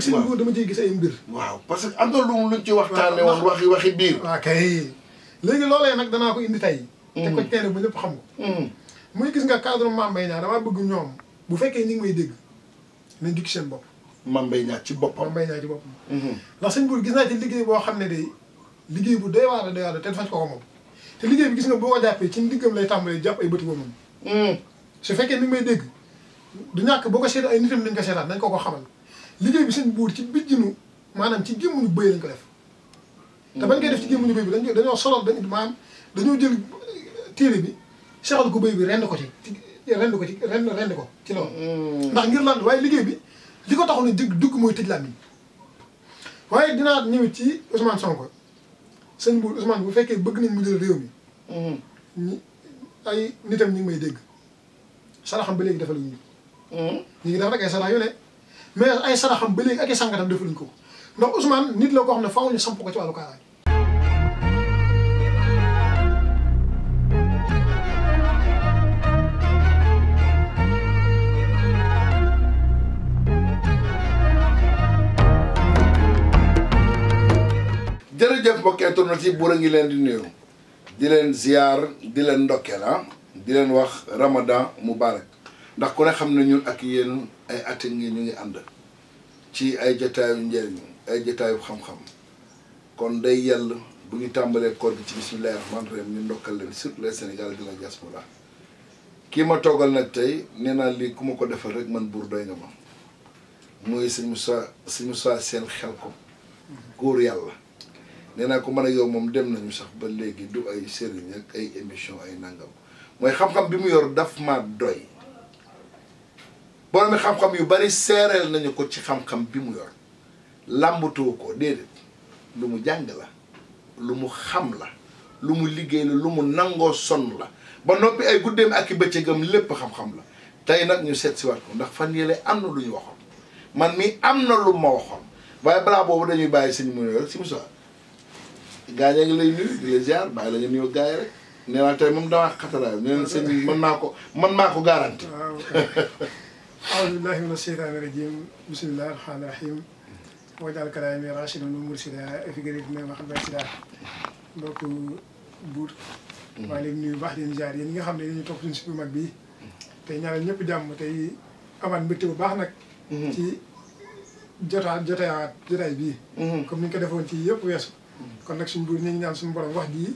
si sëñ góor dama ciy gis ay mbir waaw parce que am na ko hmm. ba ñëpp xam ko hmm. muy gis nga cadre Mame Mbaye Niang damaa bëgg ñoom bu fekkee ñi ngi may dégg nañ dikk seen bopp Mame Mbaye Niang ci boppam Mame Mbaye Niang ci boppam hmm. ndax sëñ góor gis naa boo xam ne day liggéey bu doy waar doy waar te faj ko ko moom gis nga boo ko jàppee ci ndiggam lay tàmbalee jàpp ay bëti boomam su fekkee ni may dégg du ñàkk boo ko seet ay nitam nañ ko seetaan nañ ko ko xamal liggéey bi seen buur ci bijjinu maanaam ci gémmuñu bëy lañ ko def te bañ koy def ci gémmuñu bëy bi dañ dañoo solal dañ maanaam dañoo jël téere bi sexal ko bëy bi rend ko ci rend ko ci rend rend ko ci loolu mm. ndax ngir lan waaye liggéey bi li ko taxoon a dëgg dugg mooy tëj làmmiñ waaye dinaa ñëw ci Ousmane Sonko sëñ Mbour Ousmane bu fekkee bëgg nañ mu jël réew mi mm. ñi ay nitam ñu ngi may dégg saraxam ba léegi defal ñu mm. ñu ngi def rek ay sarax yu ne mais ay saraxam ba léegi ak i sàngatam defuñu ko ndax Ousmane nit la koo xam ne faaw ñu samp ko ci wàllu kaaraange. jërëjëf mbokk internet yi buur a ngi leen di nuyu di leen ziyaar di leen ndokkeel ah di leen wax ramadan mubarak ndax ku ne xam ne ñun ak yéen ay at ngi ñu ngi ànd ci ay jataayu njëriñ ay jataayu xam-xam kon day yàlla bu ñu tàmbalee koor ci bisimilah rahmaani rahiim ñu ndokkal leen surtout les Sénégal de la diaspora kii ma toogal nag tey nee naa lii ku ma ko defal rek man buur doy nga ma muy suñu sa suñu saa seen xel ko góor yàlla nee naa ko mën a yow moom dem nañu sax ba léegi du ay sëriñ ak ay émission ay nangam mooy xam-xam bi mu yor daf ma doy boromi xam-xam yu bari seereel nañu ko ci xam-xam bi mu yor làmbatuwu ko déedéet lu mu jàng la lu mu xam la lu mu liggéey la lu mu nangoo sonn la ba noppi ay guddeem ak i bëccëgam lépp xam-xam la tey nag ñu seet si waat ko ndax fan yële am na lu ñu waxoon man mi am na lu ma waxoon waaye balaa boobu dañuy bàyyi sëñ mu rek si musa gaaña ngi lay nuyu di la ziar bàyyi la nga nuyoo gaay rek nee naa tey moom damaa xataraayu nee na sëñ mën naa ko mën naa ko garanti aoudubillahi min asheytaani rajim bismillahi rahmaani rahim wajal kalaami rachidan wa mursida figari na ma xam sida buur maa leen nuyu baax leen jaar yéen nga xam ne ñu topp suñu suñu mag bi tey ñaanal ñëpp jàmm tey amaat mbégte bu baax nag mm-hmm. ci jotaat jotayaat jotaay bii mm-hmm. comme ni ñu ko defoon ci yëpp weesu mm-hmm. kon nag suñ buur ñu ñaan suñu borom wax jii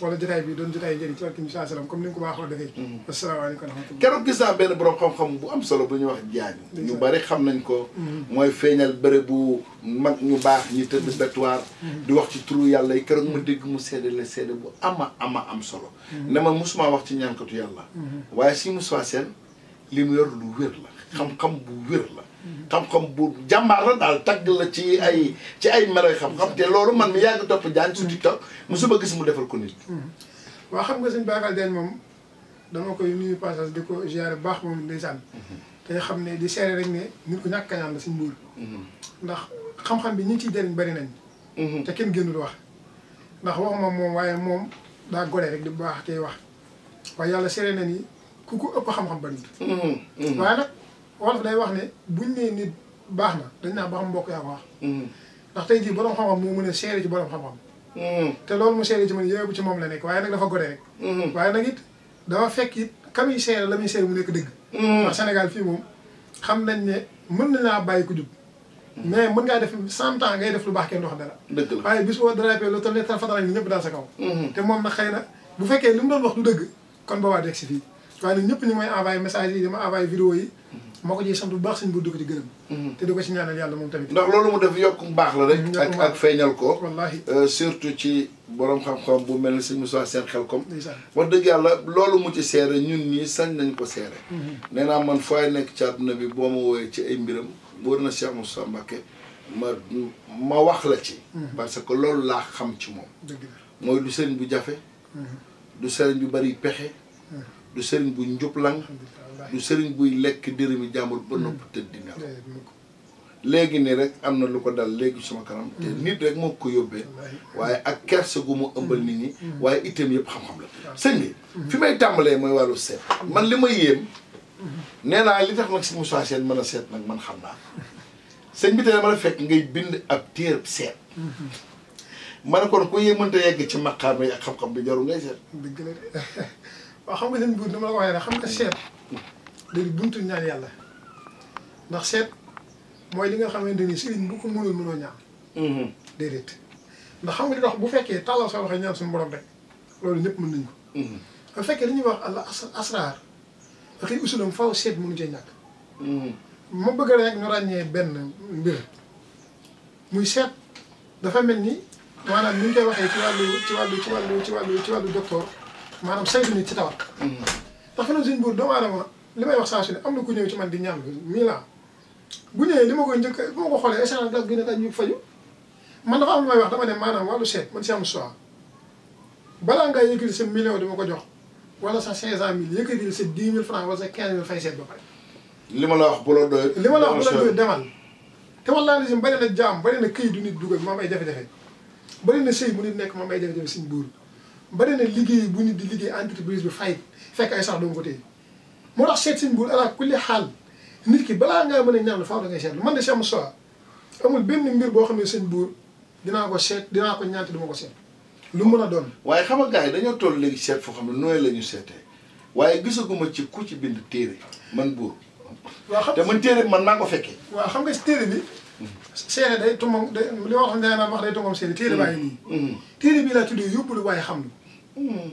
wala jotaay bi doon jotaay njëriñ ci wàllu bi salaam comme ni nga ko baaxoo defee. Mm-hmm. asalaamaaleykum. keroog gis naa benn borom xam-xam bu am solo bu ñuy wax jaañ. ñu bari xam nañ ko. Mm-hmm. mooy feeñal bëre bu mag ñu baax ñi tëdd bétuwaar. Mm-hmm. di wax ci turu yàlla yi keroog ma dégg mu seede la seede bu ama ama am solo. ne ma musuma wax ci ñaankatu yàlla. waaye si Moussa Sène li mu yor lu wér la. xam-xam bu wér la. xam-xam bu jàmbaar la daal tagg la ci ay ci ay meloy xam-xam te loolu man mi yàgg topp jaan su TikTok musuma gis mu defal ko nit mm-hmm. waa xam nga sëñ Bakal Diagne moom dama koy nuyu passage di ko ziare bu baax moom ndeysaan mm-hmm. te xam ne di seere rek ne ñàkk kañaan la sëñ Mbuur mm-hmm. ndax xam bi ñi ngi ciy bari nañ te kenn génnul wax ndax wax moom moom waaye moom daa gore rek di baax tey wax waaye yàlla seere na ni ku ko ëpp xam-xam bariwul waaye nag wolof day wax ne buñ nee nit baax na dañ naa ba xam mbokk yaa ko wax. Hmm. ndax tey jii borom xam-xam moo mu a seere ci borom xam-xam. Hmm. te loolu mu seere ci bu ci moom la nekk waaye nag dafa gore rek. Hmm. waaye nag it dafa fekk it ka muy seere la muy seere mu nekk dëgg. ndax Sénégal fii moom xam nañ ne mën na laa bàyyi ku jub. mais mën ngaa def cent ans ngay def lu baax kenn du wax dara. dëgg la waaye bis boo lu toll nii tal fatara ñëpp daal sa kaw. te moom nag xëy na bu fekkee li mu doon wax du dëgg kon boobaa deg fii. waaye nag ñëpp ñu ngi may envoyé message yi dama envoyé vidéo yi moo ko ciy sant bu baax sëñ bu dugg di gërëm mhm. te di ko ci ñaanal yàlla moom tamit ndax loolu mu def yokk mu baax la rek ak ak feeñal ko wallaahi euh, surtout ci boroom xam-xam bu mel ni sëñ Moussa seen xel kom wax dëgg yàlla loolu mu ci seere ñun ñii sañ nañ ko seere mhm. nee naa man fooy nekk ci na bi boo ma woowee ci ay mbiram wóor na Cheikh sa Mbacké ma ma wax la ci mhm. parce que loolu laa xam ci moom mooy du sëriñ bu jafe du sëriñ bu bari pexe du sëriñ buy njublang du sëriñ buy lekk dërëmi jàmbur ba nopp mm. tëdd dina eh, léegi nii rek am na lu ko dal léegi suma kanam te mm. nit rek moo ko yóbbee waaye ak kersa gu mu ëmbal nit ñi mm. waaye itam yëpp xam-xam la ah. sëñ bi fi may tàmbalee mooy wàllu seet man li ma yéem nee li tax nag a seet nag man xam naa sëñ bi tey fekk ngay bind ab téer seet mm-hmm. ma ne kon ku yéemante yegg ci maqaam yi ak xam-xam bi jarul ngay seet waaw xam nga seen dama la xam nga seet day buntu ñaan yàlla ndax seet mooy li nga xamante ni sëriñ bu ko mënul mënoo ñaan. Mhm. déedéet ndax xam nga li dox bu fekkee tàllal sa loxo ñaan suñu borom rek loolu ñëpp mën nañ ko. Mhm. bu fekkee dañuy wax àlla asraar ak ay usulam faaw seet mënu cee ñàkk. Mhm. ma bëgg rek ñu ràññee benn mbir muy seet dafa mel ni maanaam ni ñu koy waxee ci wàllu ci wàllu ci wàllu ci wàllu ci wàllu docteur. maanaam cinq minutes ci tawat. ndax fanaan suñu buur doomu aadama li may wax saa su ne am na ku ñëw ci man di ñaan mii laa bu ñëwee li ma ko njëkk bu ma ko xoolee échange daal gën a daal ñu faju man dafa am lu may wax dama ne maanaam wàllu seet man si am choix balaa ngay yëkkati sa di ko jox wala sa cinq cent mille yëkkati sa dix mille franc wala sa quinze mille fay seet ba li ma la wax bu la doy. li ma la wax bu la doy demal. te wallaahi si bari na jaam bari na këyit du nit dugal ay jafe-jafe bu nit nekk ma am ay jafe-jafe suñu buur bari na liggéey bu ñu di liggéey entreprise bi fay fekk ay sax doo ko téye moo tax seet si nguur ala kulli xaal nit ki balaa ngaa mën a ñaan na da ngay seetlu man de sama soxla amul benn mbir boo xam ne sëñ buur dinaa ko seet dinaa ko ñaante duma ko seet lu mën a doon. waaye xam a gars yi dañoo toll léegi seet foo xam ne nooy la ñu seetee waaye gisaguma ci ku ci bind téere man buur. waaw xam te man téere man naa ko fekkee. waa xam nga si téere bi. seene day tummam day li wax ne naan wax day tummam seene téere baa ngi nii mm. Mm. téere bii laa tuddee xam lu mm.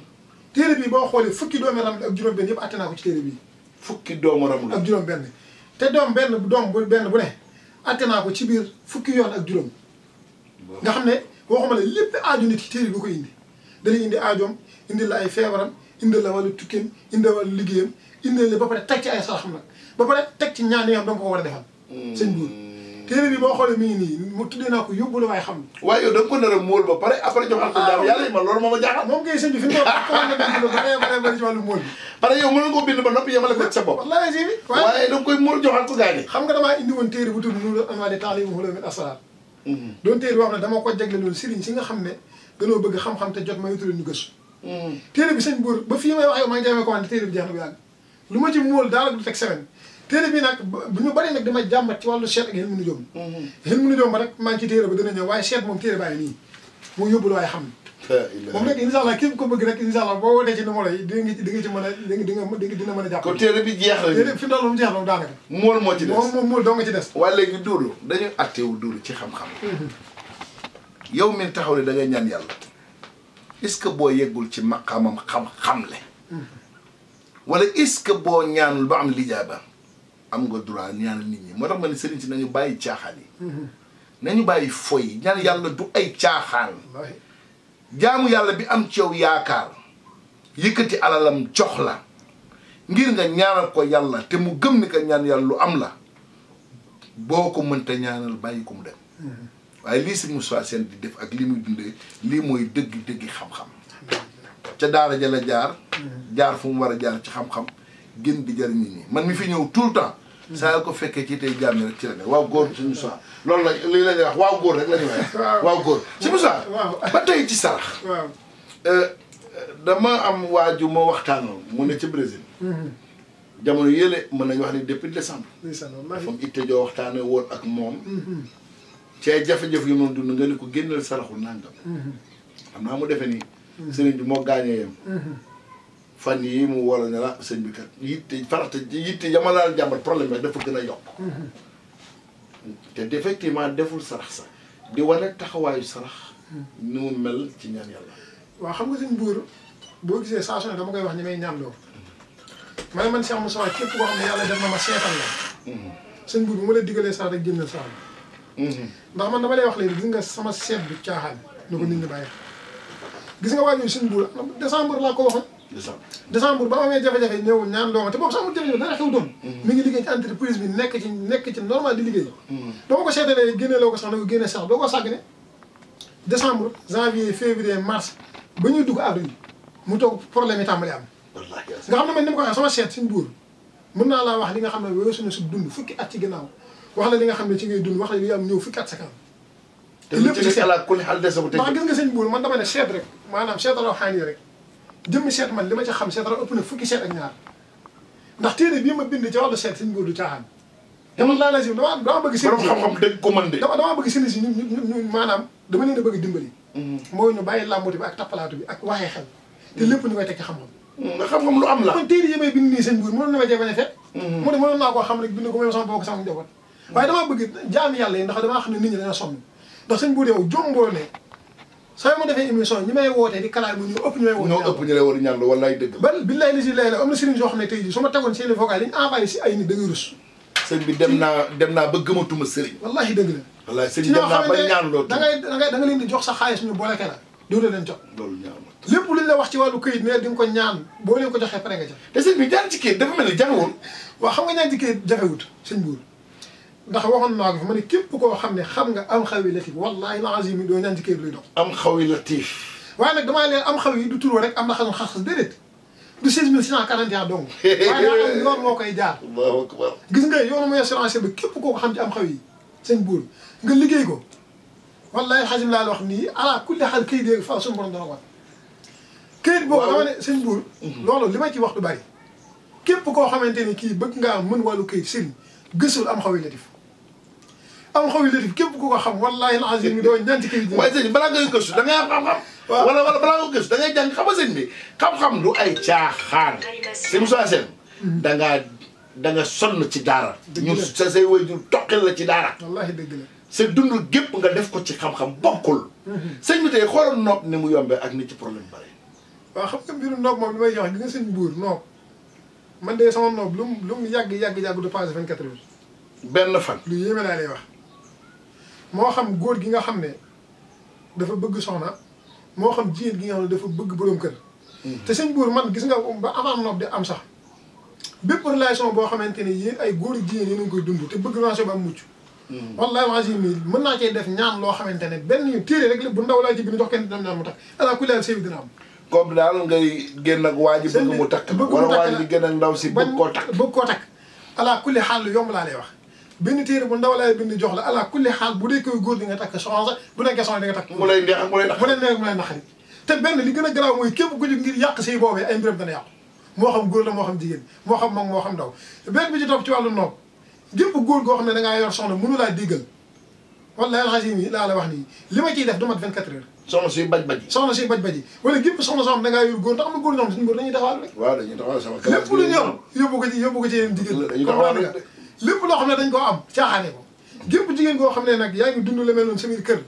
téere bii boo xoolee fukki doomi ramli ak juróom benn yëpp atte naa ko ci téere ak juróom benn te doom benn doom bu benn bu ne atte naa ko ci biir fukki yoon ak juróom nga xam ne waxuma la lépp aaju nit ki téere bi ko indi dañuy indi aajoom indi la ay feebaram indi la wàllu tukkeem indi wàllu liggéeyam indi la ba pare teg ci ay saraxam nag ba pare teg ci ñaan yoon nga dama ko war a defal téere bi boo xoolee mi ngi nii mu tuddee naa ko yóbbu la xam nga. waaye yow ko nar a móol ba pare après joxal ko jaam yàlla yi man loolu moo ma jaaxal. moom kay mu toll a xam nga damaa indi woon téere bu tudd Nuurul ko jagle loolu si nga xam ne gënoo bëgg xam-xam te jot ma yutu leen ñu gëstu. ba fii may wax yow maa ngi jaamee ko wante téere bi jeex na bu lu ma ci móol daal du teg semaine téere bi nag bu ñu bari nag dama jàmbat ci wàllu seet ak xel mu nu jom xel rek maa ngi ci téere bi dana ñëw waaye seet moom téere baa ngi nii moo yóbbul waaye xam moom nag incha allah képp ko bëgg rek incha allah boo wootee ci numéro a di nga di nga a jàpp kon téere bi jeex na téere fi mu doon moom jeex na moom daanaka mool moo ci des moom moom mool doo nga ci des waaye léegi duulu dañu attewu duulu ci xam-xam mhm. yow mi taxaw la da ngay ñaan yàlla est-ce que boo yeggul ci maqaamam xam-xam le mhm. wala est-ce que boo ñaanul ba am lijaaba am nga droit ñaanal nit ñi moo tax ma ne sëriñ si nañu bàyyi caaxaan yi nañu bàyyi foy ñaan yàlla du ay caaxaan jaamu yàlla bi am ci yow yaakaar yëkkati alalam jox la ngir nga ñaanal ko yàlla te mu gëm ni ko ñaan yàlla lu am la boo ko mënta ñaanal bàyyi ko mu dem waaye lii si Moussa Sène di def ak li muy dundee lii mooy dëgg dëggi xam-xam ca daara ja jaar jaar fu mu war a jaar ci xam-xam gën bi jariñ nit ñi man mi fi ñëw tout le temps. saa ko fekkee ci tey jaam rek ci la ne waaw góor suñu saa loolu la li la ñuy wax waaw góor rek la ñuy waaw góor suñu saa. ba tey ci sarax. Euh, dama am waaju ma waxtaanoon mu ne ci Brésil. Mm-hmm. jamono yële mën nañ wax ni depuis décembre. décembre dafa am itte joo waxtaanee woon ak moom. Mm-hmm. cee jafe-jafe yu ma dund nga ni ko génneel saraxul nangam. Mm-hmm. xam naa mu defee nii. sëriñ bi gaañee yem. fan yi mu wala ne la sëñ bi kat te farata yitte yamalaal jàmbat problème bi dafa gën a yokk te effectivement deful sarax sax di wane taxawaayu sarax ni mu mel ci ñaan yàlla waa xam nga sëñ buur boo gisee saa su ne dama koy wax ñi may ñaan loo ma ne man Cheikh Moussa képp koo xam ne yàlla def na ma seexal la sëñ buur bu ma la digalee sax rek jëndal sax ndax man dama lay wax léegi gis nga sama seet bi caaxaan na ko nit ñi bàyyi gis nga waajur décembre décembre ba amee jafe-jafe ñëw ñaan doomam te boobu sax mu jafe-jafe dara xew doon mm. mi ngi liggéey ci entreprise bi nekk ci nekk ci normal di liggéey mm. doo ko seetalee génne loo ko sax na ko génne sax doo ko sàgg ne décembre ba ñuy dugg avril mu toog problème yi tàmbali am nga xam ne man ni ma ko waxee mën naa laa wax li nga xam ne weesu na si dund fukki at ci ginnaaw wax li nga xam ne ci ngay dund wax la li am ñëw fukki at sa kanam te lépp ci xalaat ku ne xal des na rek maanaam seet raw xaan yi rek jëmmi seet man li ma ca xam seet ra ëpp na fukki seet ak ñaar ndax téere bii ma bind ci wàllu seet sëñ góor du caaxaan dama bëgg seen xam-xam dégg ko man de dama dama bëgg seen si ñu a bëgg dimbali mm-hmm. mooy ñu bàyyi làmbatu bi ak tappalaatu bi ak waxee xel te lépp ñu koy teg mm-hmm. xam-xam lu am la man téere nii sëñ góor mënoon na ma cee bañ a fekk mm-hmm. mu ne mënoon naa koo xam ne bind ko même sama bokk sama njaboot waaye damaa bëgg jaami yàlla yi ndax damaa xam ne nit ñi dañoo sonn ndax sëñ góor yow jomboo saa ma defee émission ñi may wootee di kalaay mu ñu ëpp ñoo ëpp ñu lay war a ñaan lu wallaay dëgg ba billaay li si lay la am na sëriñ soo xam ne tey jii su ma ñu envoyé si ay nit da ngay rus sëñ bi dem naa dem naa ba gëmatuma sëriñ wallaahi dëgg la wallaahi sëriñ dem naa leen di jox sa xaalis ñu booleke la diwda leen jox loolu ñaanut lépp luñ la wax ci wàllu këyit ne di nga ko ñaan boo leen ko joxee pare nga jox te sëñ bi ñaan ci këyit dafa ndax waxoon naa ko fi ma ne képp koo xam ne xam nga am xawi latif wallaahi lazim yi doo ñaan ci kër luy dox am xawi latif am xaw yi du turoo rek am na xasoon xas-xas déedéet du seize mille six cent quarante et un dong waaye daa yoon moo koy jaar gis nga yoonu mooy assurance bi képp koo xam ci am xaw yi sëñ buur nga liggéey ko wallaahi xasim laa la wax nii ala kulli xaal këyit yéegi fa suñu borom dana wat këyit boobu dama ne sëñ buur mhm. loolu li ma ci wax du bari képp koo xamante ni kii bëgg ngaa mën wàllu këyit sëriñ gësul am xaw yi latif alxames yi képp ku ko xam wallaahi alazim mi doo ñaan bi balaa ngay gëstu da ngay am xam-xam wala wala balaa nga gëstu da ngay jàng xam sëñ bi xam-xam du ay caaxaan sëñ Moussa Sène hmm. da ngaa da nga sonn ci daara ñu sa say waajur toqil la ci daara wallaahi dëgg la sa dund gépp nga def ko ci xam-xam bokkul hmm. sëñ bi tey xoolal nopp ni mu yombee ak ni ci problème bare waaw xam nga mbiru noob moom li may jox gi nga sëñ buur noob man de sama noob lu mu lu yàgg yàgg yàgg du passé vingt quatre heures benn fan lu yéeme laa lay wax moo xam góor gi nga xam ne dafa bëgg soxna moo xam jigéen gi nga xam ne dafa bëgg boroom kër. Hmm. te sëñ buur man gis nga ba avant nopp di am sax bépp relation boo xamante ne yéen ay góor jigéen yéen a ngi koy dund te bëgg relation ba am mucc. Hmm. wallahi wasim mën naa cee def ñaan loo xamante ne benn ñu téere rek bu ndaw laa ci bind jox kenn dam ñaan mu tax ala ku laal sëy bi dina am comme daal ngay génn ak waa ji mu takk wala waa ji génn ak ndaw si bëgg koo takk bëgg koo takk ala kulli yomb laa lay wax benn téere bu ndaw laay bind jox la ala kulli xaal bu dee koy góor di nga takk soxna bu nekkee soxna di nga takk. mu lay neex mu lay nax mu lay neex mu lay naxari te benn li gën a garaaw mooy képp ku jóg ngir yàq say boobee ay mbiram dana yàqu moo xam góor la moo xam jigéen moo xam mag moo xam ndaw benn bi ci topp ci wàllu noog gépp góor goo xam ne da ngaa yor soxna mënu laa déggal wala alxasim yi laa la wax nii li ma ciy def du mat 24 heures soxna si baj baj yi soxna si baj baj yi wala gépp soxna soo xam da ngaa yor góor ndax am na góor ñoo xam suñu góor dañuy taxawal rek waaw dañuy taxawal sama lépp lu ñor yóbbu ko ci yóbbu ko ci yeneen jigéen lépp loo xam ne dañ koo am caaxaane ko gépp jigéen koo xam ne nag yaa ngi dund la mel noonu sa biir kër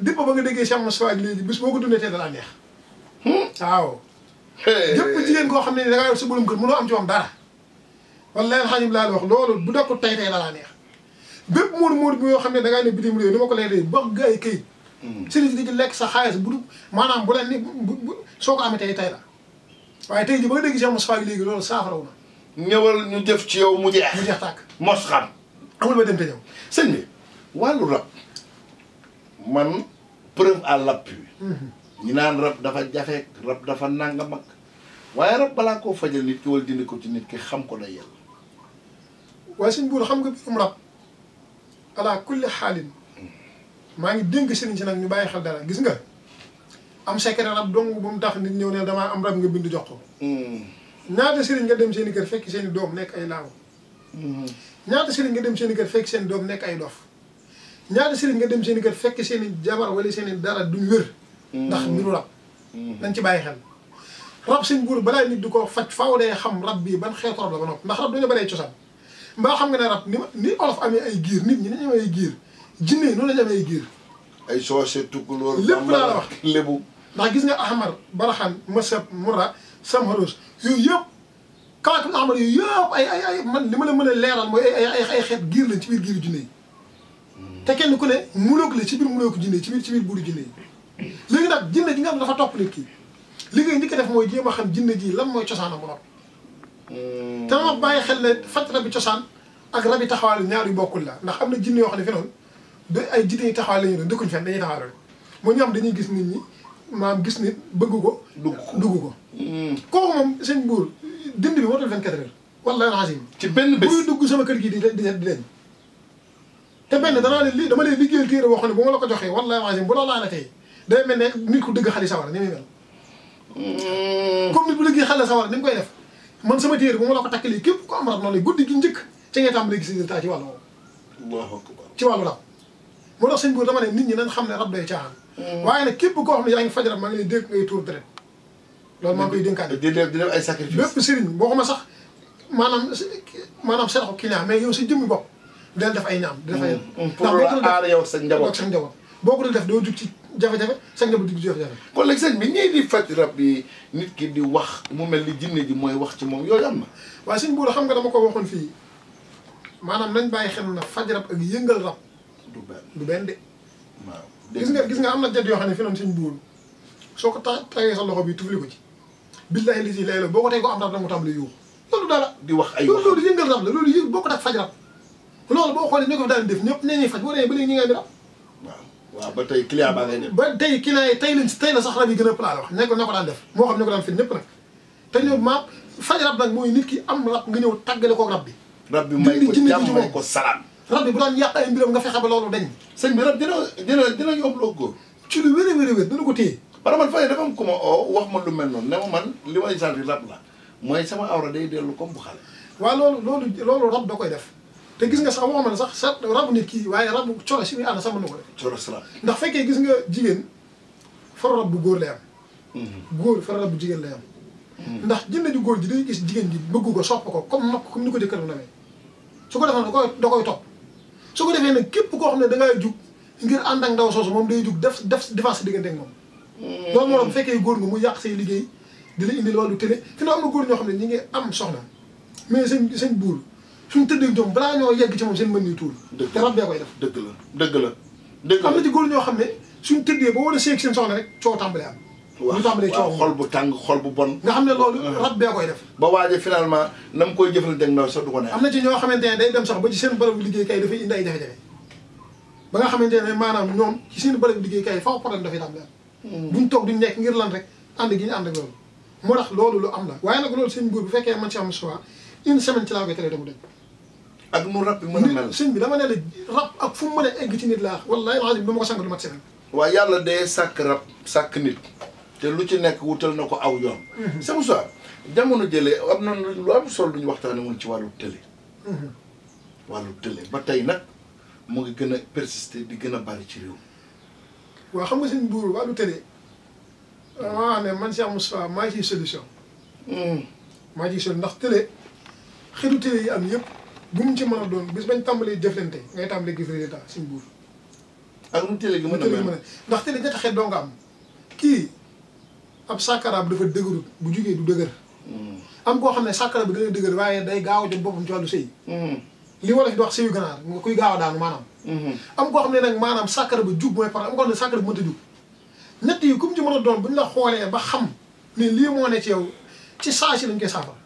dépp ba nga déggee Cheikh Moussa léegi bis boo ko dundee tey dana neex hmm? waaw koo xam ne da ngaa yor kër mënoo am ci moom dara wallaahi xaajib laa wax loolu bu dakko tey tey dana neex bépp muur muur yoo xam ne da ngaa ne bitim ma ko lay dee ba gaay këyit hmm. sëriñ si di ci sa xaalis bu du bu leen ni soo ko amee tey tey la waaye tey ji ba nga dégg Cheikh Moussa léegi loolu saafarawu na ñëwal ñu jëf ci yow mu jeex. mu jeex tàkk mos xam. amul ma dem te ñëw. sëñ bi mhm. naan rab dafa jafe rab dafa mag waaye rab balaa koo fajal nit ki wala dindi ci nit ki xam ko day yàlla. waaye sëñ xam nga mbirum rab ala kulli xaalin ngi dénk sëriñ si nag ñu bàyyi xel dara gis nga am secret rab dong bu mu tax nit ñëw ne damaa am rab nga bind jox ko. Hmm. ñaata sëriñ nga dem seen kër fekk seen i doom nekk ay laaw. Mm-hmm. ñaata sëriñ nga dem seen i kër fekk seen i doom nekk ay dof. ñaata sëriñ nga dem seen i kër fekk seen i jabar wala seen i dara ñu wér. Mm-hmm. ndax mbiru rab. Mm-hmm. nañ ci bàyyi xel. rab sëñ buur balaa nit di ko faj faw day xam rab bii ban xeetu rab la ba noppi ndax rab dañoo baree cosaan. mbaa xam nga ne rab ni ma ni olof amee ay giir nit ñi dañu amee ay giir jinne yi noonu lañu amee ay giir. ay soo tukulóor. lépp laa la wax lépp ndax gis nga ahmar baraxan mësab mura sam yooyu yëpp kawak nga xam ne yooyu yëpp ay ay man li ma la mën a leeral mooy ay ay ay xeet giir lañ ci biir giiru jinne yi hmm. te kenn ku ne muloog la ci biir mulooku jinne yi ci biir ci biir buuru jinne yi léegi nag jinne ji nga xam dafa topp nit ki li ngay njëkk a def mooy jéem a xam jinne ji lan mooy cosaanam hmm. bu noppi te ma bàyyi xel ne faj rabi cosaan ak rabi taxawaal ñaar yu bokkul la ndax am na jinne yoo xam ne fi noonu da ay jinne yi taxawaal ñu doon dëkkuñ fenn dañuy taxawaal moo ñu am gis nit ñi maam gis nit bëgg ko dugg ko Hmm. kooku moom sëñ buur dindi bi matul vingt quatre heures wala ci benn bés buy dugg sama kër gi di di di leen te benn danaa leen li dama leen liggéeyal téere ne bu la ko joxee wala alxasim bu la laalatee day mel ne nit ku dëgg xali sawar ni muy mel hmm. comme nit xale sawar ni koy def man sama téere bu la ko takkalee képp ko am rat noonu guddi gi njëkk ca ngay tàmbalee gis résultat ci wàllu woowu ci wàllu rab moo tax sëñ buur dama ne nit ñi nañ xam ne rab day caaxaan hmm. waaye nag képp koo xam ne yaa ngi faj rab maa ngi lay dégg ngay tuur deret loolu maa ngi koy dénkaat di def di def ay sacrifice bépp sëriñ boo xama sax maanaam maanaam saraxu client mais yow sa jëmmi bopp dal def ay ñaam di def ay mm, pour aar yow sa njaboot sa njaboot boo ko doon def doo jug ci jafe-jafe sa njaboot dugg ci jafe-jafe kon léegi sëñ bi ñii di faj rab yi nit ki di wax mu mel ni jinne ji mooy wax ci moom yooyu am na waaye sëñ buur xam nga dama ko waxoon fii maanaam nañ bàyyi xel na faj rab ak yëngal rab du benn du benn de waaw gis nga gis nga am na jot yoo xam ne fi noonu sëñ buur soo ko ta tayee sa loxo bi tufli ko ci billahi li si lay boo ko tey ko am rab nag mu tàmbali yuux loolu dara di wax ay loolu yëngal rab loolu yëng boo ko tak faj rab loolu boo xoolee ñu ko daan def ñëpp nee nañ faj boo ba léegi ñi ngay di tey client baa ngay ñëw ba tey client gën a pla wax ne def moo xam ne ko daan fit faj rab nag mooy nit ki am rab nga ñëw tàggale ko rab bi rab bi may ko jàmm may ko salaam rab bi bu daan yàq ay mbiram nga fexe ba loolu dañ sëñ bi rab dina dina dina yomb loo góor ci lu wér a a dana ko téye parce que man fay dafa am ku ma oo wax ma lu mel noonu ne ma man li may sentir rab la mooy sama awra day dellu comme bu xale. waaw loolu loolu loolu rab da koy def te gis nga sax waxuma ne sax sa rabu nit kii waaye rabu coro si muy ànd sax mën na ko def. coro sala ndax fekkee gis nga jigéen faru bu góor lay mhm. góor faru rab bu jigéen lay am. Mhm. ndax jënd ju góor ji day gis jigéen ji bëgg ko sopp ko comme mag comme ko jëkkëram demee su ko defee da koy da koy topp su ko defee ne képp koo xam ne da ngay jug ngir ànd ak ndaw soosu moom day jug def def defaat si diggante ak moom Eh. loolu moo doon bu fekkee góor nga mu yàq say liggéey di la indil wàllu télé ñoo xam ne ñi ngi am soxna mais seen seen buur suñu tëddee ñoom balaa ñoo yegg ci moom seen mën yu te rab dëgg la am na ci góor ñoo xam ne suñu tëddee ba war a seeg seen rek coow tàmbalee am ñu tàmbalee coow bu tàng xol bu bon nga xam ne loolu uh-huh. rab bee koy def ba waaje finalement na mu koy jëfal deg naw sax du ko neex am na ci ñoo xamante ne day dem sax ba ci seen barabu liggéey kay dafay indi ay jafe-jafe ba nga xamante ne maanaam ñoom ci seen barabu liggéey kay faaw problème dafay tàmbalee duñ toog duñ nekk ngir lan rek ànd gi ñu ànd ak loolu moo tax loolu lu am la waaye nag loolu sëñ góor bu fekkee man si am choix une semaine ci laa koy tere dama dem ak mu rab bi a mel sëñ bi dama ne la rab ak fu mu a egg ci nit laa wallahi alazim du ma ko sànq du mat semaine waaye yàlla dee sàkk rab sàkk nit lu ci nekk wutal na ko aw yoon mhm. sama soir jamono jëlee am na lu am solo lu ñu waxtaane woon ci wàllu télé mhm. wàllu télé ba tey nag mu ngi gën a persister di gën a bari ci réew waa xam nga seen buur wàllu télé maa wax ne man si Moustapha maa ciy solution. Hmm. maa ciy solution ndax télé xeetu télé yi am yëpp bu mu ci mën a doon bis bañ tàmbalee jëflante ngay tàmbalee gis résultat seen buur. ak mu télé gi mën a mel ndax télé ñetti xeet doo nga am kii ab sakaraab dafa dëgërut bu jugee du dëgër. Hmm. am koo xam ne sakaraab bi dana dëgër waaye day gaaw a jot boppam ci wàllu sëy. Hmm. li wolof di wax sëyu ganaar kuy gaaw a daanu maanaam mhm. am koo xam ne nag maanaam sàkkara ba jub mooy par am koo xam ne sàkkara ba mënta jub ñett yi comme ci mën a doon bu ñu la xoolee ba xam ne lii moo ne ci yow ci saa si lañ koy saafara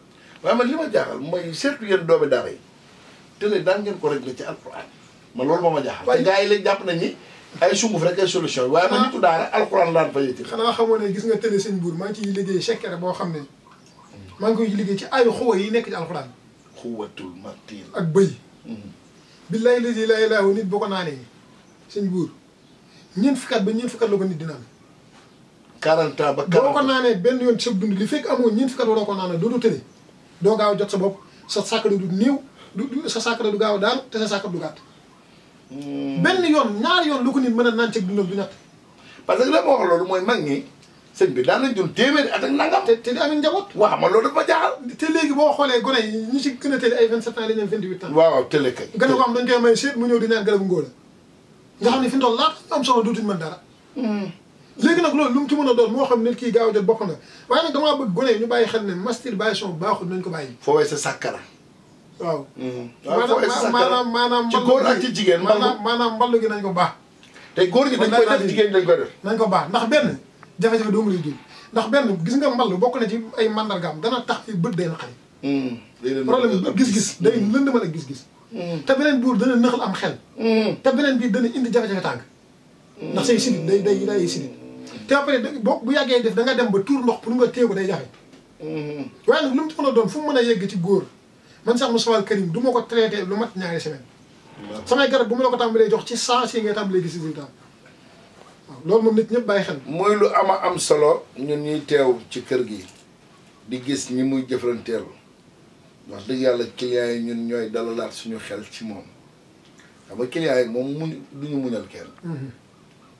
waaye man li ma jaaxal mooy surtout yéen doomi daara yi te ne daan ngeen ko réglé ci alxuraan man loolu moo ma jaaxal te gars yi jàpp nañ ni ay sunguf rek ay solution yi waaye man nitu daara ah. alxuraan daan fa yëti xanaa xamoo ne gis nga télé seen buur maa ngi ciy liggéey boo xam ne maa ngi liggéey ci ay xuwa yi nekk ci alxuraan xuwatul matin ak bëy billaay lii laa ilaaha nit boo ko naanee sëñ buur ñeent fukkaat ba ñeent fukkaat la ko nit dina am. 40 ba 40 ko naanee benn yoon sa dund li fekk amoo ñeent fukkaat waroo ko naanee doo tëddee doo gaaw jot sa bopp sa sàkkara du néew du sa sàkkara du gaaw daal te sa sàkkara du gàtt. Hmm. benn yoon ñaari yoon lu ko nit mën a naan ceeb dundam du ñett. parce que la ma wax loolu mooy mag ñi. sëñ bi daan nañ dund téeméeri at ak nangam. te te di am njaboot. waaw man loolu dafa jaaxal. te léegi boo xoolee gone yi ñu si gën a télé ay 27 am a ko hmm. nag loolu lu ci mën a doon moo xam nit kii gaaw bokk na waaye nag damaa bëgg gone yi ñu bàyyi xel ne masturbation baaxul nañ ko bàyyi. foowee sa sàkkara. waaw. Hmm. waaw foowee sa sàkkara maanaam maanaam ci góor ak ci jigéen maanaam maanaam mballu gi nañ ko baax. te goor gi dañ koy def jigéen dañ koy def. nañ ko baax ndax benn jafe-jafe doo nga lay jël ndax benn gis nga mbal bokk na ci ay mandargaam dana tax fi bët day naqari hmm. problème gis-gis day lëndëmal ak gis-gis hmm. te beneen buur dana nëxal am xel hmm. te beneen bii dana indi jafe-jafe tànk ndax say sidit day day day sidit te après boo bu yàggee def da nga dem ba tuur ndox pour nga téye ko day jafe waaye lu mu mën a doon fu mën a yegg ci góor man sax Moustapha Karim du ma ko traité lu mat ñaari semaine samay garab bu ma la ko tàmbalee jox ci saa si ngay tàmbalee gis loolu moom nit ñëpp bàyyi xel. muy lu ama am solo ñun ñuy teew ci kër gi di gis ñi muy jëflanteel wax dëgg yàlla clients yi ñun ñooy dalalaat suñu xel ci moom xam nga yi moom muñ du ñu muñal kenn. Mhm.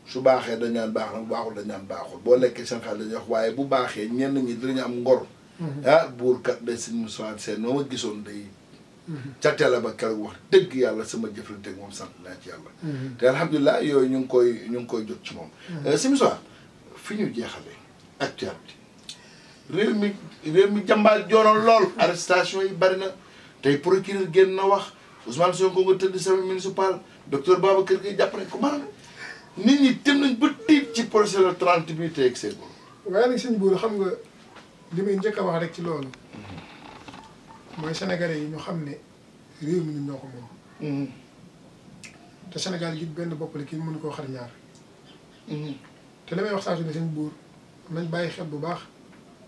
su baaxee dañ naan baax na bu baaxul dañ naan baaxul boo lekkee seen xaalis dañuy wax waaye bu baaxee ñenn ñi dinañu am ngor. Mhm. ah buur kat day seen musuwaat seen noo ma gisoon day. ca teel ba keroog wax dëgg yàlla sama jëflante ak moom sant naa ci yàlla. te alhamdulilah yooyu ñu ngi koy ñu ngi koy jot ci moom. Mm-hmm. Euh, Simiswa fi ñu jeexalee actualité réew mi réew mi jàmbaar joonoon lool. arrestation yi bari na tey procureur génn na wax Ousmane Sonko nga tëdd sama municipal docteur Babacar Gueye jàpp nañ ko maanaam nit ñi dem nañ ba ci procès le trent minutes ak seen bopp. waaye nag sëñ Bour xam nga li muy njëkk a wax rek ci loolu. mooy sénégalais yi ñu xam ne réew mi ñun ñoo ko moom. Mm-hmm. te Sénégal gi benn bopp ki kii mënu koo xar ñaar. Mm-hmm. te li may wax saa su ne seen buur nañ bàyyi xel bu baax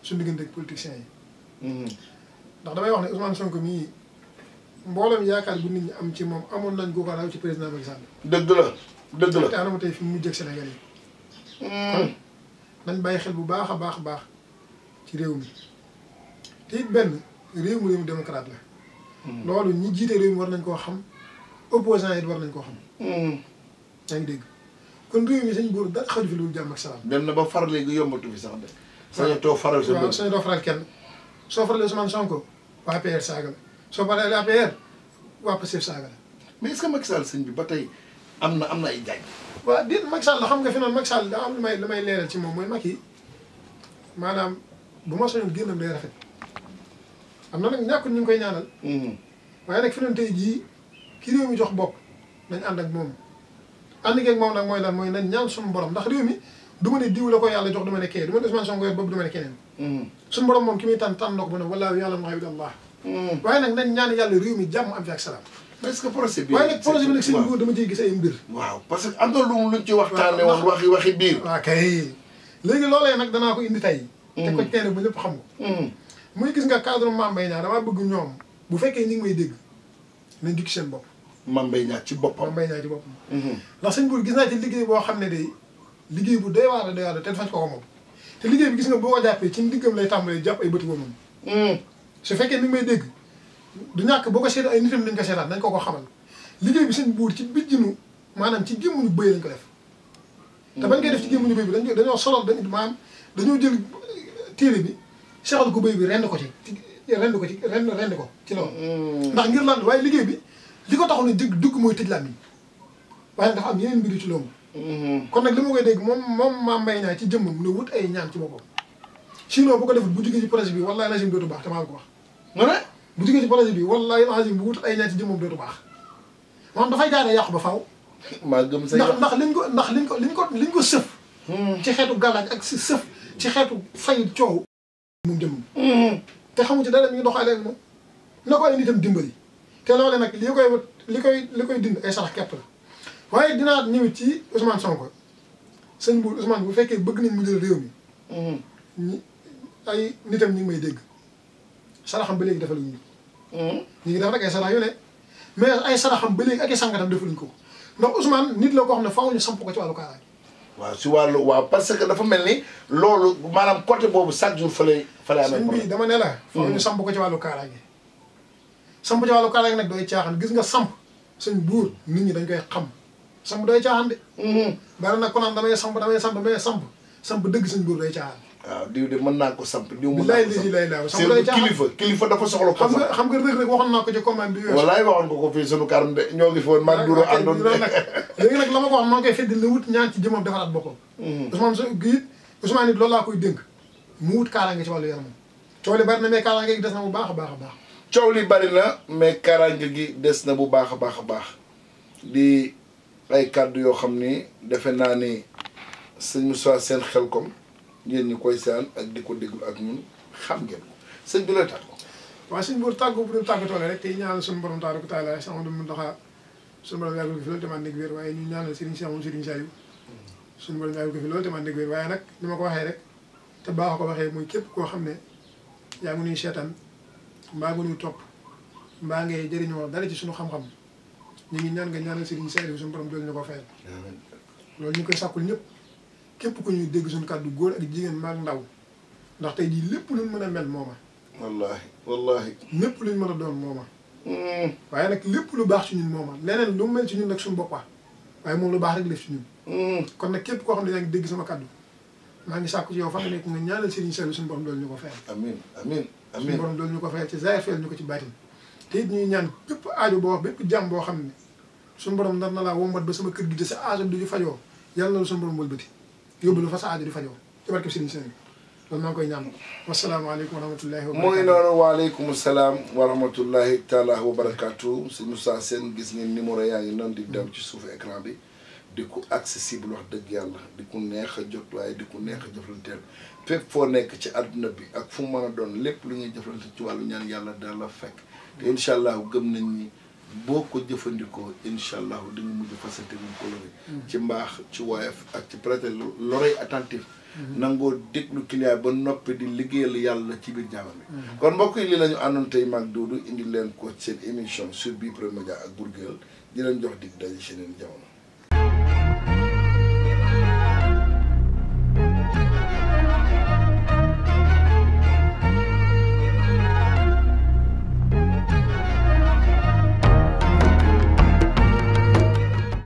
su diggante ak politiciens yi. Mm-hmm. ndax damay wax ne Ousmane Sonko mii mboolem yaakaar bu nit ñi am ci moom amoon nañ ko ko raw ci président Macky Sall. dëgg la dëgg la te anam tey fi mu mujjee Sénégal yi. kon bàyyi xel bu baax a baax a baax ci réew mi te it benn. réew mu réew mu démocrate la. loolu ñi jiite réew mi war nañ koo xam opposant yi war nañ koo xam. Hmm. yaa ngi dégg kon réew mi sëñ buur dara xaru fi lu jàmm ak salaam. dem na ba faral léegi yombatu fi sax de. sañoo too faral sa bopp sañoo too faral kenn soo saaga la soo faralee APR waa Pastef saaga la. mais est-ce que Macky sëñ bi ba tey am na am na ay jaaj. waaw déet Macky la xam nga fi noonu Macky Sall daa am lu may lu leeral ci moom mooy Macky maanaam bu ma soñoon génnam day rafet. am na nag ñàkkul ñu ngi koy ñaanal. Mm. waaye nag fi mu tey jii kii réew mi jox bopp nañ ànd ak moom. ànd geeg moom nag mooy lan mooy nañ ñaan suñu borom ndax réew mi du ma ne diw la ko yàlla jox du ma ne kee du ma ne Ousmane Sonko yor bopp du ma keneen. Mm. suñu borom moom ki muy tànn tànn ndox bu ne wala yàlla mu xayma allah. Mm. waaye nag nañ ñaan yàlla réew mi jàmm am fi ak salaam. parce que projet bi waaye nag projet bi nag na lu biir. léegi loolee nag danaa ko indi tey. te ko teel bu ñëpp xam ko muy gis nga cadre Mame Mbaye Niang damaa bëgg ñoom bu fekkee ñu ngi may dégg nañ dikk seen bopp. Mame Mbaye Niang ci boppam Mame Mbaye Niang ci boppam. Mhm. ndax sëñ gis naa ci liggéey boo xam ne day liggéey bu doy waar la doy waar la te fañ moom te liggéey gis nga boo jàppee ci ndiggam lay tàmbalee jàpp ay bëti moom mhm. su fekkee ni ngi may du ñàkk boo ko seet ay nitam dañ ko seetaan dañ ko ko xamal liggéey bi sëñ buur ci bijjinu maanaam ci gémmuñu bëy lañ ko def te bañ koy def ci gémmuñu bëy bi dañ dañoo solal dañ maam dañoo jël téere bi sexal ko bëy bi rend ko ci rend ko ci rend ko ci loolu mm. ndax ngir lan waaye liggéey bi li ko taxul a dugg dugg mooy tëj làmmiñ waaye dafa am yeneen mbiru ci loolu mm-hmm. kon nag li ma koy dégg moom moom maa mbay naa ci jëmmam ne wut ay ñaan ci boppam sinon bu ko defut bu jugee ci projet bi wallaahi lazim dootu baax te maa ko wax nga ne bu jugee ci projet bi wallaahi lazim bu wut ay ñaan ci jëmmam dootu baax maanaam dafay jaaree yàqu ba faw maa gëm sa ndax ndax liñ ko ndax liñ ko liñ ko liñ ko sëf mm. ci xeetu gàllaaj ak si sëf ci xeetu fay coow moom jëmm te xamu ci dara mi ngi doxalee moom na ko ay nitam dimbali te loole nag li koy li koy li koy dind ay sarax kepp la waaye dinaa ñëw ci Ousmane ko sëñ bu Ousmane bu fekkee bëgg nañ mu jël réew mi ñi ay nitam ñu ngi may dégg xam ba léegi defaluñu ñu ngi def rek ay sarax yu ne mais ay saraxam ba léegi ak i sàngatam defaluñu ko ndax Ousmane nit la koo xam ne faaw ñu samp ko ci wàllu kaaraange waaw si wàllu waaw parce que dafa mel ni loolu maanaam côté boobu chaque jour fa lay fa lay amee problème dama ne la fa ñu hmm. samp ko ci wàllu kaaraange samp ci wàllu kaaraange nag dooy caaxaan gis nga samp suñ buur nit ñi dañ koy xam samp dooy caaxaan de hmm. bari nag ku naan damay samp damay samp damay samp samp dëgg suñ buur dooy caaxaan waaw diw de mën naa ko samp diw mën naa ko samp lay laaw kilifa kilifa dafa soxla ko samp xam nga rek rek waxoon naa ko ci commande bi walaay waxoon nga ko fii sunu karam de ñoo ngi fi woon maag duro ah, àndoon léegi nag la ma ko wax maa ngi koy feddi la wut ñaan ci jëmam defaraat boppam hmm. Ousmane so it Ousmane it loolu laa koy dénk mu wut kaaraange ci wàllu yaramam coow li bari na mais kaaraange gi des na bu baax a baax a baax coow li bari na mais kaaraange gi des na bu baax a baax a baax di ay kàddu yoo xam ni defe naa ni sëñ Moussa seen xel kom yéen ñu koy saan ak di ko déglu ak ñun xam ngeen ko sëñ bi la tàggoo. waaw sëñ buur tàggoo bu dul tàggatoo la rek tey ñaanal suñu borom taala ko taala sama dum doxaa suñu borom yàggal ko fi loolu tamit nekk wér waaye ñu ñaanal Serigne Cheikh moom Serigne Saliou suñu borom yàggal ko fi loolu tamit nekk wér waaye nag ni ma ko waxee rek te baax ko waxee muy képp koo xam ne yaa ngi nuy seetaan mbaa nga nuy topp mbaa ngay jëriñoo dara ci suñu xam-xam ñu ngi ñaan nga ñaanal Serigne Saliou suñu borom dool ñu ko fayal loolu ñu koy sàkkul ñëpp képp ku ñuy dégg suñu kàddu góor ak jigéen maag ndaw ndax te jii lépp luñ mën a mel mooma. wallaahi wallaahi. lépp luñ mën a doon mooma. Mm. waaye nag lépp lu baax ci ñun mooma leneen lu mel ci ñun nag suñu boppa waaye moom lu baax rek def ci ñun. Mm. kon nag képp koo xam ne yaa ngi dégg sama kàddu maa ngi sàkku ci yow fa nga nekk nga ñaanal Serigne Saliou suñu borom doolu ñu ko fayal. amiin amiin amiin suñu borom doolu ñu ko fayal ci zaahir fayal ñu ko ci baatin te it ñuy ñaan bépp aajo boo wax bépp jàmm boo xam ne suñu borom nar na laa wombat ba sama kër gi de sa aajo du ñu fajoo yàlla na la suñu borom wëlbati yóbbu lu fa sa aajo di fajoo ci barkeb Serigne Saliou loolu maa ngi koy ñaan wasalaamaaleykum wa rahmatullahi wa mu ngi noonu waaleykum salaam wa rahmatullahi taala wa barakaatu si Moussa Sène gis ni numéro yaa ngi noonu di daw ci suuf écran bi di ku accessible wax dëgg yàlla di ku neex a jot waaye di ku neex a jëflanteel fépp foo nekk ci àdduna bi ak fu mu a doon lépp lu ñuy jëflante ci wàllu ñaan yàlla daal la fekk te incha allah gëm nañ ni boo ko jëfandikoo incha allah di nga mujj fasante mu mm. ko lori ci mbaax ci woyof ak ci prêter l'oreille attentive mm-hmm. nangoo déglu client ba noppi di liggéeyal yàlla ci biir jaamam bi mm-hmm. kon mbokk yi li la ñu àndoon tey maag Doudou indi leen ko seen émission sur Bprod Média ak Bour Gueweul di leen jox dig daje seeneen jamono